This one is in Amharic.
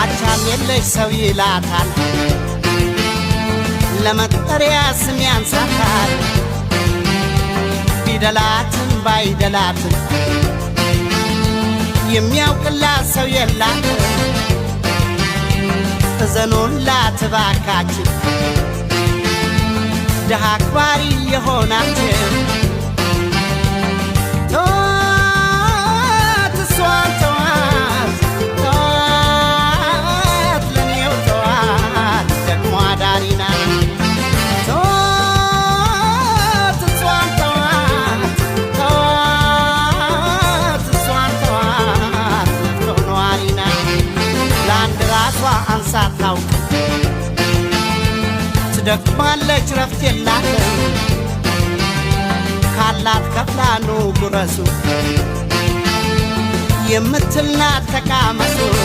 አቻም የለሽ ሰው ይላታል፣ ለመጠሪያ ስም ያንሳታል። ቢደላትም ባይደላትም የሚያውቅላት ሰው የላትም። እዘኑላት እባካችን ደሃ አክባሪ የሆናችን አንሳት አውቅም ትደክማለች ረፍት የላት ካላት ከፍላኑ ጉረሱ የምትልናት ተቃመሱ